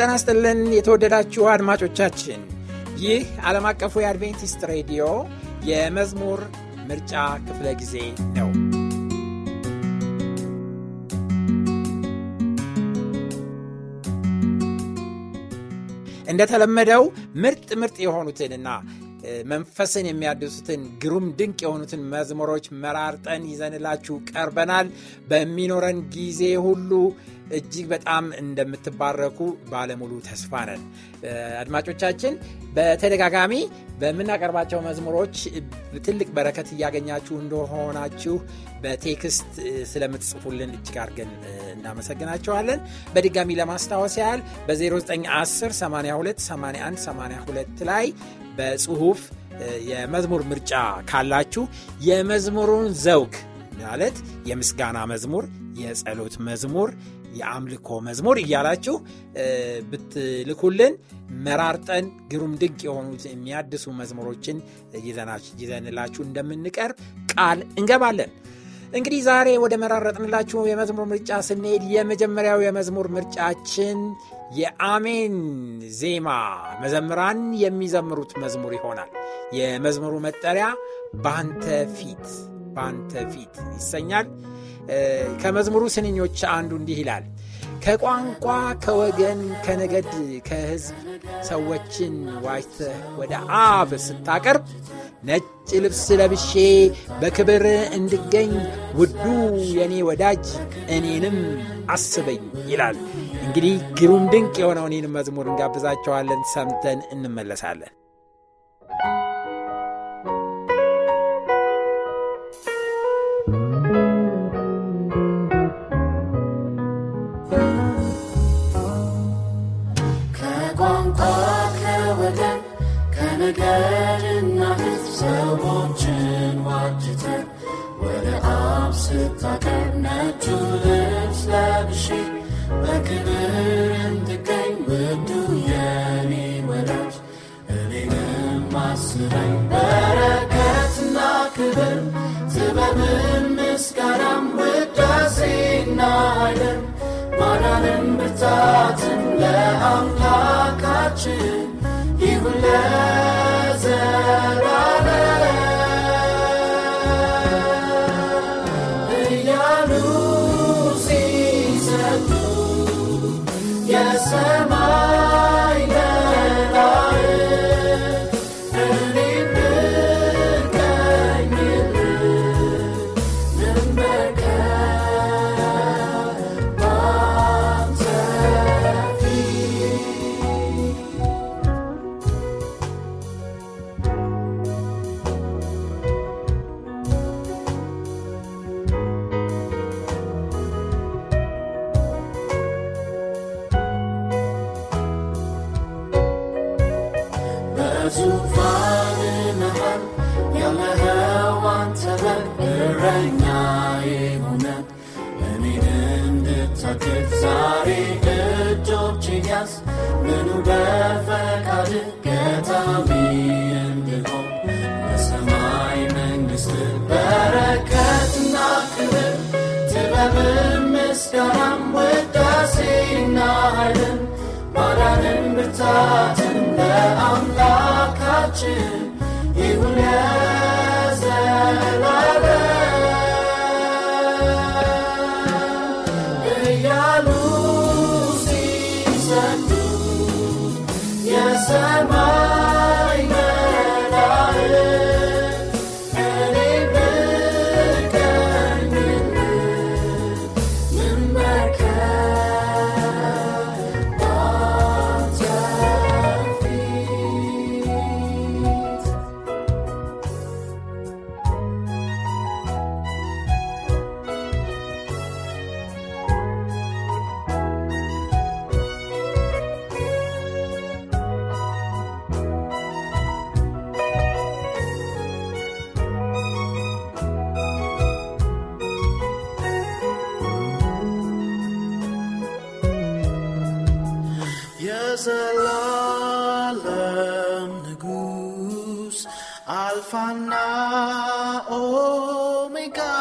ጤና ይስጥልን የተወደዳችሁ አድማጮቻችን፣ ይህ ዓለም አቀፉ የአድቬንቲስት ሬዲዮ የመዝሙር ምርጫ ክፍለ ጊዜ ነው። እንደተለመደው ምርጥ ምርጥ የሆኑትንና መንፈስን የሚያድሱትን ግሩም ድንቅ የሆኑትን መዝሙሮች መራርጠን ይዘንላችሁ ቀርበናል። በሚኖረን ጊዜ ሁሉ እጅግ በጣም እንደምትባረኩ ባለሙሉ ተስፋ ነን። አድማጮቻችን በተደጋጋሚ በምናቀርባቸው መዝሙሮች ትልቅ በረከት እያገኛችሁ እንደሆናችሁ በቴክስት ስለምትጽፉልን እጅግ አድርገን እናመሰግናቸዋለን። በድጋሚ ለማስታወስ ያህል በ 0910828182 82 ላይ በጽሁፍ የመዝሙር ምርጫ ካላችሁ የመዝሙሩን ዘውግ ማለት የምስጋና መዝሙር፣ የጸሎት መዝሙር፣ የአምልኮ መዝሙር እያላችሁ ብትልኩልን መራርጠን ግሩም ድንቅ የሆኑ የሚያድሱ መዝሙሮችን ይዘንላችሁ እንደምንቀርብ ቃል እንገባለን። እንግዲህ ዛሬ ወደ መራረጥንላችሁ የመዝሙር ምርጫ ስንሄድ የመጀመሪያው የመዝሙር ምርጫችን የአሜን ዜማ መዘምራን የሚዘምሩት መዝሙር ይሆናል። የመዝሙሩ መጠሪያ ባንተ ፊት ባንተ ፊት ይሰኛል። ከመዝሙሩ ስንኞች አንዱ እንዲህ ይላል ከቋንቋ ከወገን ከነገድ ከሕዝብ ሰዎችን ዋጅተህ ወደ አብ ስታቀርብ ነጭ ልብስ ለብሼ በክብር እንድገኝ ውዱ የእኔ ወዳጅ እኔንም አስበኝ ይላል። እንግዲህ ግሩም ድንቅ የሆነው እኔንም መዝሙር እንጋብዛቸዋለን። ሰምተን እንመለሳለን። ሰዎችን ዋጅተን ወደ አብ ስታቀር ነጩ ልብስ ለብሽ በክብር እንድገኝ ውዱ የኔ ወዳጅ እኔንም አስበኝ በረከትና ክብር ጥበብም ምስጋናም ውዳሴና ኃይልም ማዳንም ብርታትም ለአምላካችን ይሁን በፈቃድ ገጣሚ እንድሆን በሰማይ መንግስት በረከትና ክብር ጥበብን፣ ምስጋናም፣ ውዳሴና ኃይልን ማዳንን ብርታትን ለአምላካችን ይሁን። Alfana Omega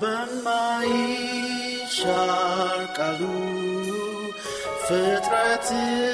በማይሻር Kalu Fetratin.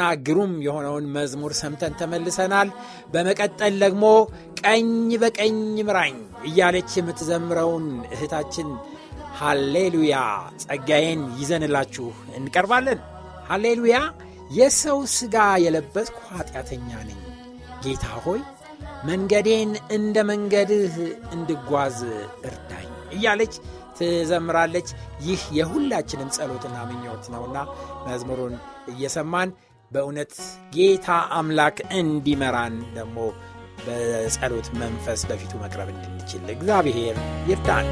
ድንቅና ግሩም የሆነውን መዝሙር ሰምተን ተመልሰናል። በመቀጠል ደግሞ ቀኝ በቀኝ ምራኝ እያለች የምትዘምረውን እህታችን ሃሌሉያ ጸጋዬን ይዘንላችሁ እንቀርባለን። ሃሌሉያ የሰው ሥጋ የለበስኩ ኃጢአተኛ ነኝ፣ ጌታ ሆይ መንገዴን እንደ መንገድህ እንድጓዝ እርዳኝ እያለች ትዘምራለች። ይህ የሁላችንም ጸሎትና ምኞት ነውና መዝሙሩን እየሰማን በእውነት ጌታ አምላክ እንዲመራን ደግሞ በጸሎት መንፈስ በፊቱ መቅረብ እንድንችል እግዚአብሔር ይርዳን።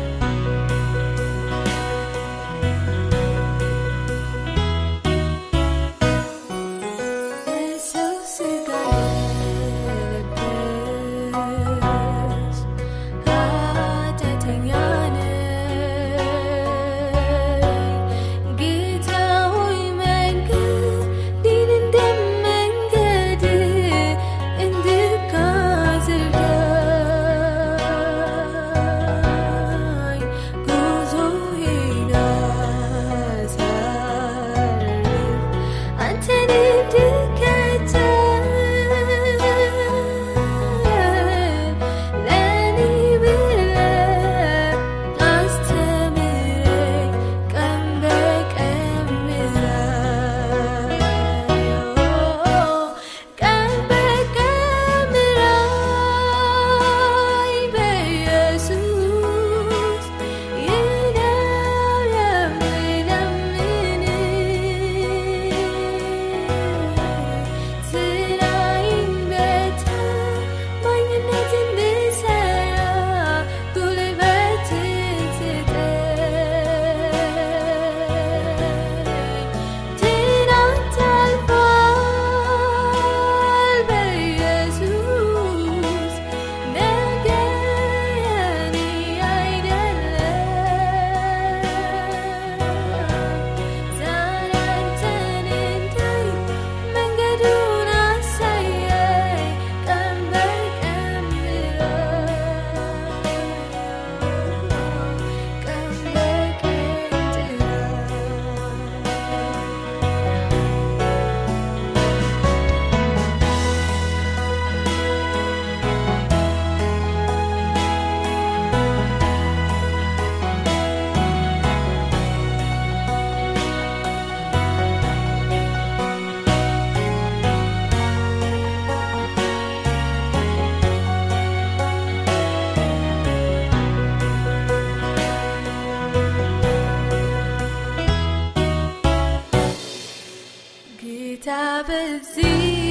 have a sea.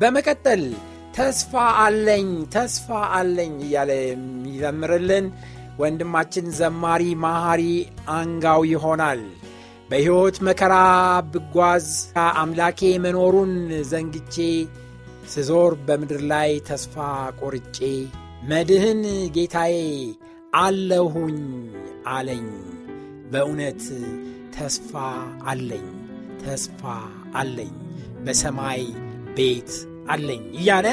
በመቀጠል ተስፋ አለኝ ተስፋ አለኝ እያለ የሚዘምርልን ወንድማችን ዘማሪ ማሃሪ አንጋው ይሆናል። በሕይወት መከራ ብጓዝ አምላኬ መኖሩን ዘንግቼ ስዞር በምድር ላይ ተስፋ ቆርጬ መድህን ጌታዬ አለሁኝ አለኝ። በእውነት ተስፋ አለኝ ተስፋ አለኝ በሰማይ ቤት አለኝ እያለ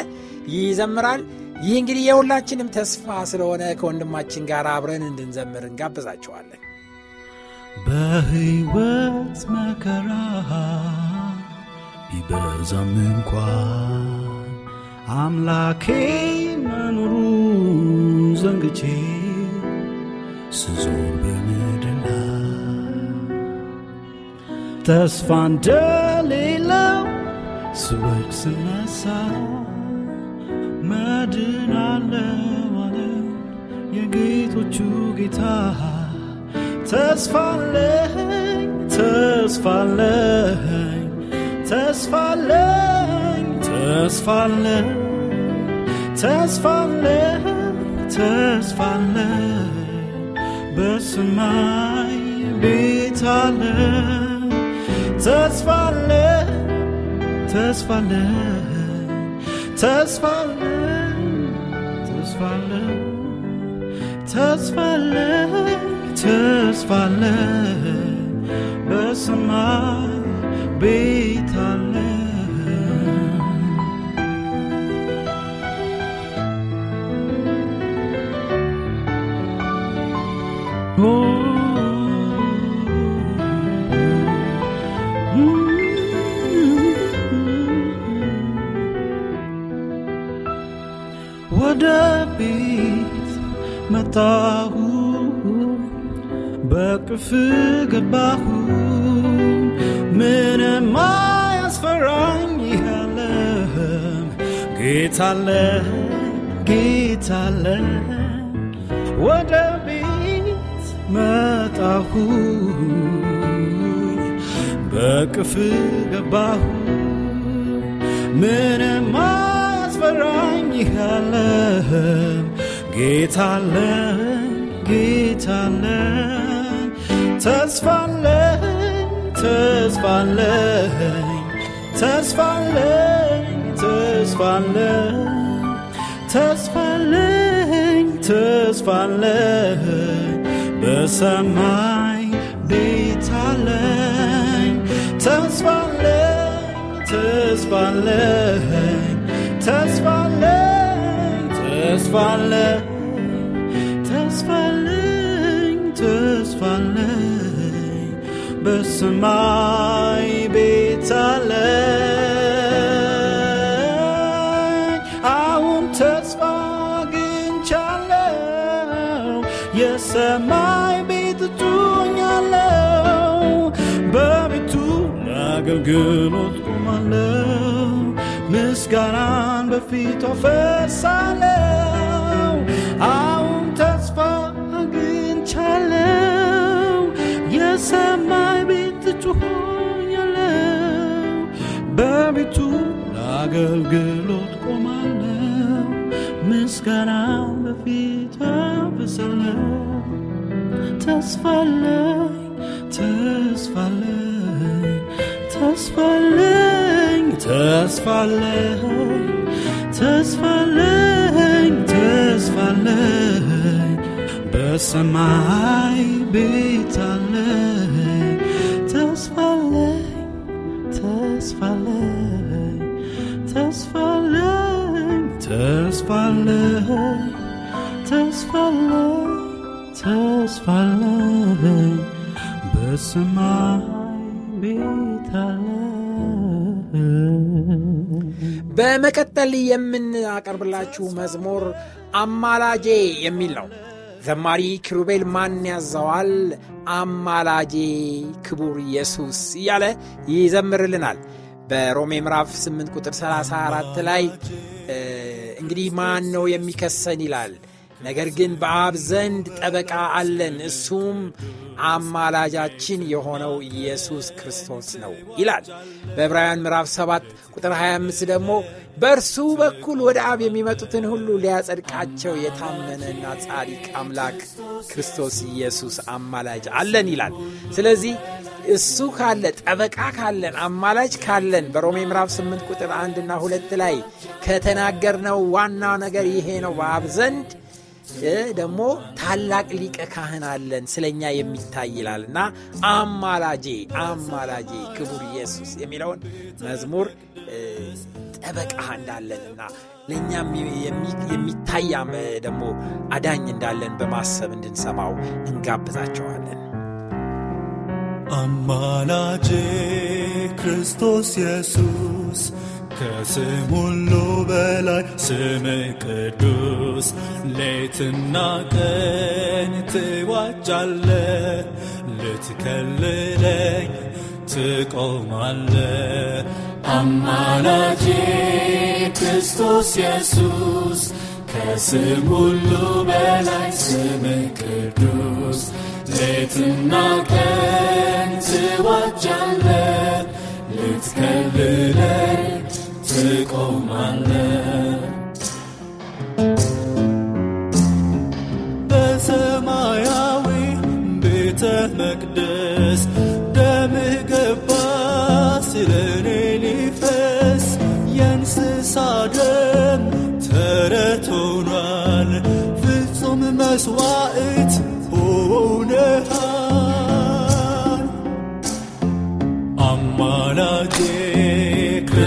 ይዘምራል። ይህ እንግዲህ የሁላችንም ተስፋ ስለሆነ ከወንድማችን ጋር አብረን እንድንዘምር እንጋብዛቸዋለን። በሕይወት መከራ ቢበዛም እንኳ አምላኬ መኖሩ ዘንግቼ ስዞር በምድር ተስፋ እንደ ስወድቅ ስነሳ መድናለው አለ የጌቶቹ ጌታ ተስፋለኝ ተስፋለኝ ተስፋለኝ ተስፋለኝ ተስፋለኝ ተስፋለኝ በሰማይ ቤት አለ ተስፋለኝ tidsfaldet, tidsfaldet, tidsfaldet, tidsfaldet, tidsfaldet, løs mig, bed. ወደ መጣሁ በቅፍ ገባሁ ምንም አያስፈራኝ ያለህም ጌታለ ጌታለ ወደ ቤት መጣሁ በቅፍ ገባሁ ምንም የሚፈራኝ ይህለም ጌታለን ጌታለን ተስፋለን ተስፋለን ተስፋለኝ ተስፋለኝ ተስፋለኝ ተስፋለኝ በሰማይ ቤታለኝ ተስፋለኝ ተስፋለኝ ተስፋለ ተስፋለ ተስፋለኝ ተስፋለኝ በሰማይ ቤት አለ አሁን ተስፋ አግኝቻለሁ የሰማይ ቤት እጩኛለሁ በቤቱ ለአገልግሎት ቁማለሁ ምስጋናን በፊቷ ፈሳለው አሁን ተስፋ አግኝቻለው የሰማይ ቤት ጩሆኛለው በቤቱ ለአገልግሎት ቆማለው ምስጋናን በፊቷ ፈሳለው ተስፋለኝ ተስፋለኝ ተስፋለኝ tæs for længe, tæs for længe, tæs for længe. Bøsse mig, bitte længe, tæs for længe, tæs for længe, tæs for længe, tæs for længe, tæs for længe, tæs for længe, bøsse mig. በመቀጠል የምናቀርብላችሁ መዝሙር አማላጄ የሚል ነው። ዘማሪ ኪሩቤል ማን ያዘዋል፣ አማላጄ ክቡር ኢየሱስ እያለ ይዘምርልናል። በሮሜ ምዕራፍ 8 ቁጥር 34 ላይ እንግዲህ ማን ነው የሚከሰን ይላል ነገር ግን በአብ ዘንድ ጠበቃ አለን እሱም አማላጃችን የሆነው ኢየሱስ ክርስቶስ ነው ይላል። በዕብራውያን ምዕራፍ 7 ቁጥር 25 ደግሞ በእርሱ በኩል ወደ አብ የሚመጡትን ሁሉ ሊያጸድቃቸው የታመነና ጻድቅ አምላክ ክርስቶስ ኢየሱስ አማላጅ አለን ይላል። ስለዚህ እሱ ካለ ጠበቃ ካለን አማላጅ ካለን በሮሜ ምዕራፍ 8 ቁጥር 1 እና 2 ላይ ከተናገርነው ዋናው ነገር ይሄ ነው በአብ ዘንድ ደግሞ ታላቅ ሊቀ ካህን አለን ስለኛ የሚታይ ይላል እና አማላጄ አማላጄ ክቡር ኢየሱስ የሚለውን መዝሙር ጠበቃ ና ለእኛም የሚታያም ደግሞ አዳኝ እንዳለን በማሰብ እንድንሰማው እንጋብዛቸዋለን። አማላጄ ክርስቶስ ኢየሱስ ከስም ሁሉ በላይ ስም ቅዱስ ሌትና ቀን ትዋጃለ ልትከልለኝ ትቆማለ አማላጄ ክርስቶስ የሱስ ከስም ሁሉ በላይ ስም ቅዱስ ሌትና ቀን ትዋጃለ ልትከልለኝ የሚያስቆው ማነ በሰማያዊ ቤተ መቅደስ ደምህ ገባ ስለኔ ሊፈስ የእንስሳ ደም ተረት ሆኗል ፍጹም መስዋዕት ሆነሃል አማላጄ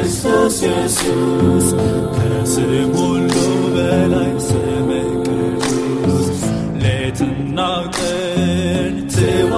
Kristus Jesus. Leser i mollobelai seme Kristus. Leten av den, te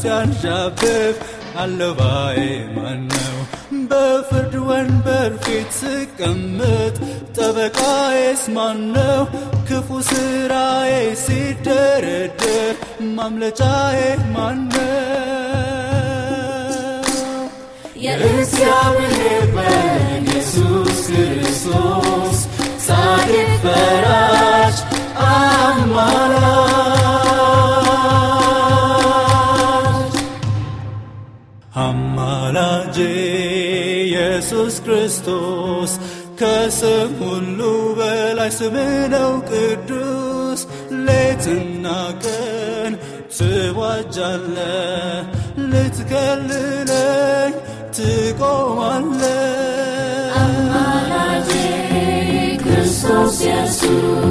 ሲያንዣብብ አለባዬ ነው! በፍርድ ወንበር ፊት ስቀምጥ ጠበቃዬስ ነው! ክፉ ስራዬ ሲደረደር ማምለጫዬ ማነው? የእግዚአብሔር በን ኢየሱስ ክርስቶስ ጻድቅ ፈራጅ አማላጄ ኢየሱስ ክርስቶስ ከስም ሁሉ በላይ ስምህ ነው ቅዱስ። ሌትና ቀን ትዋጃለ፣ ልትከልለኝ ትቆማለ። አማላጄ ክርስቶስ የሱስ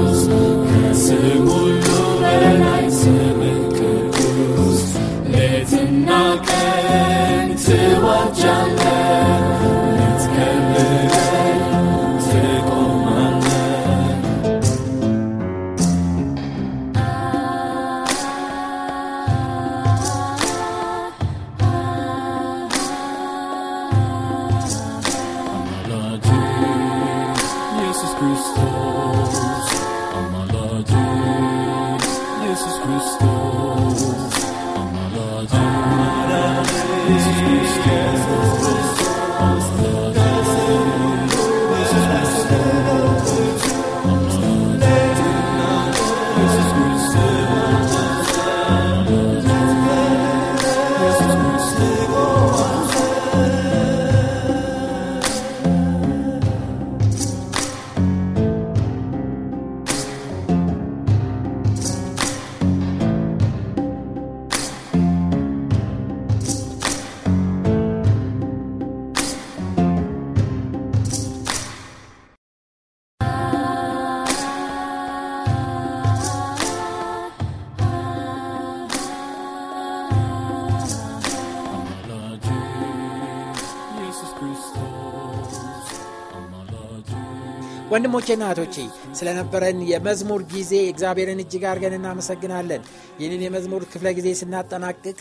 ወንድሞቼና እህቶቼ ስለነበረን የመዝሙር ጊዜ እግዚአብሔርን እጅግ አድርገን እናመሰግናለን። ይህንን የመዝሙር ክፍለ ጊዜ ስናጠናቅቅ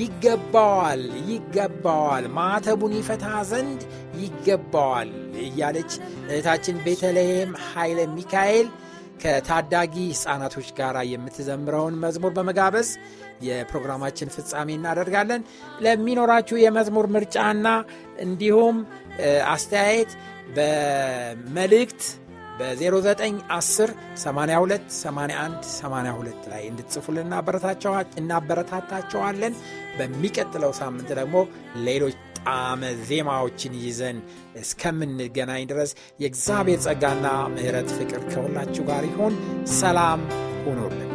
ይገባዋል ይገባዋል ማተቡን ይፈታ ዘንድ ይገባዋል እያለች እህታችን ቤተልሔም ኃይለ ሚካኤል ከታዳጊ ሕፃናቶች ጋር የምትዘምረውን መዝሙር በመጋበዝ የፕሮግራማችን ፍጻሜ እናደርጋለን። ለሚኖራችሁ የመዝሙር ምርጫና እንዲሁም አስተያየት በመልእክት በ 0910828182 ላይ እንድትጽፉልና እናበረታታቸዋለን። በሚቀጥለው ሳምንት ደግሞ ሌሎች ጣመ ዜማዎችን ይዘን እስከምንገናኝ ድረስ የእግዚአብሔር ጸጋና ምህረት ፍቅር ከሁላችሁ ጋር ይሆን። ሰላም ሁኑልን።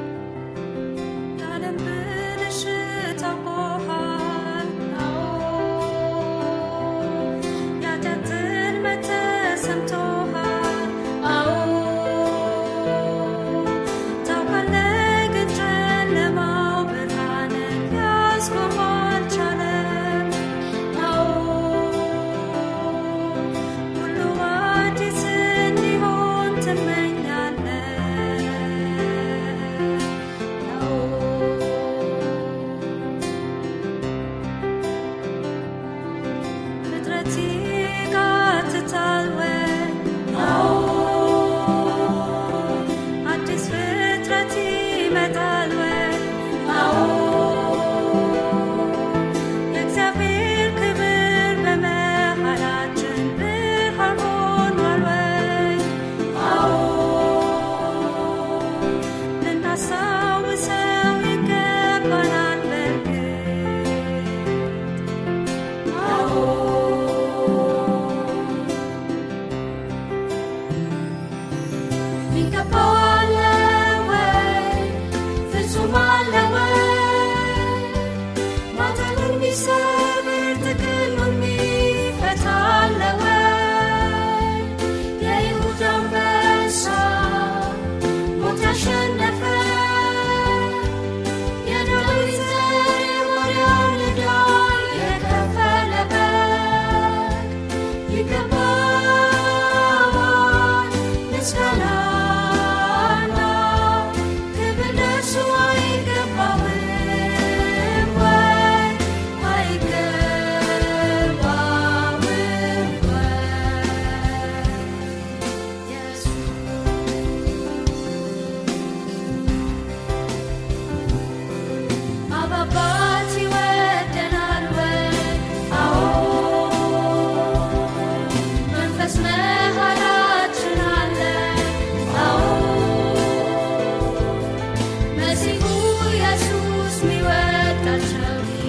We were that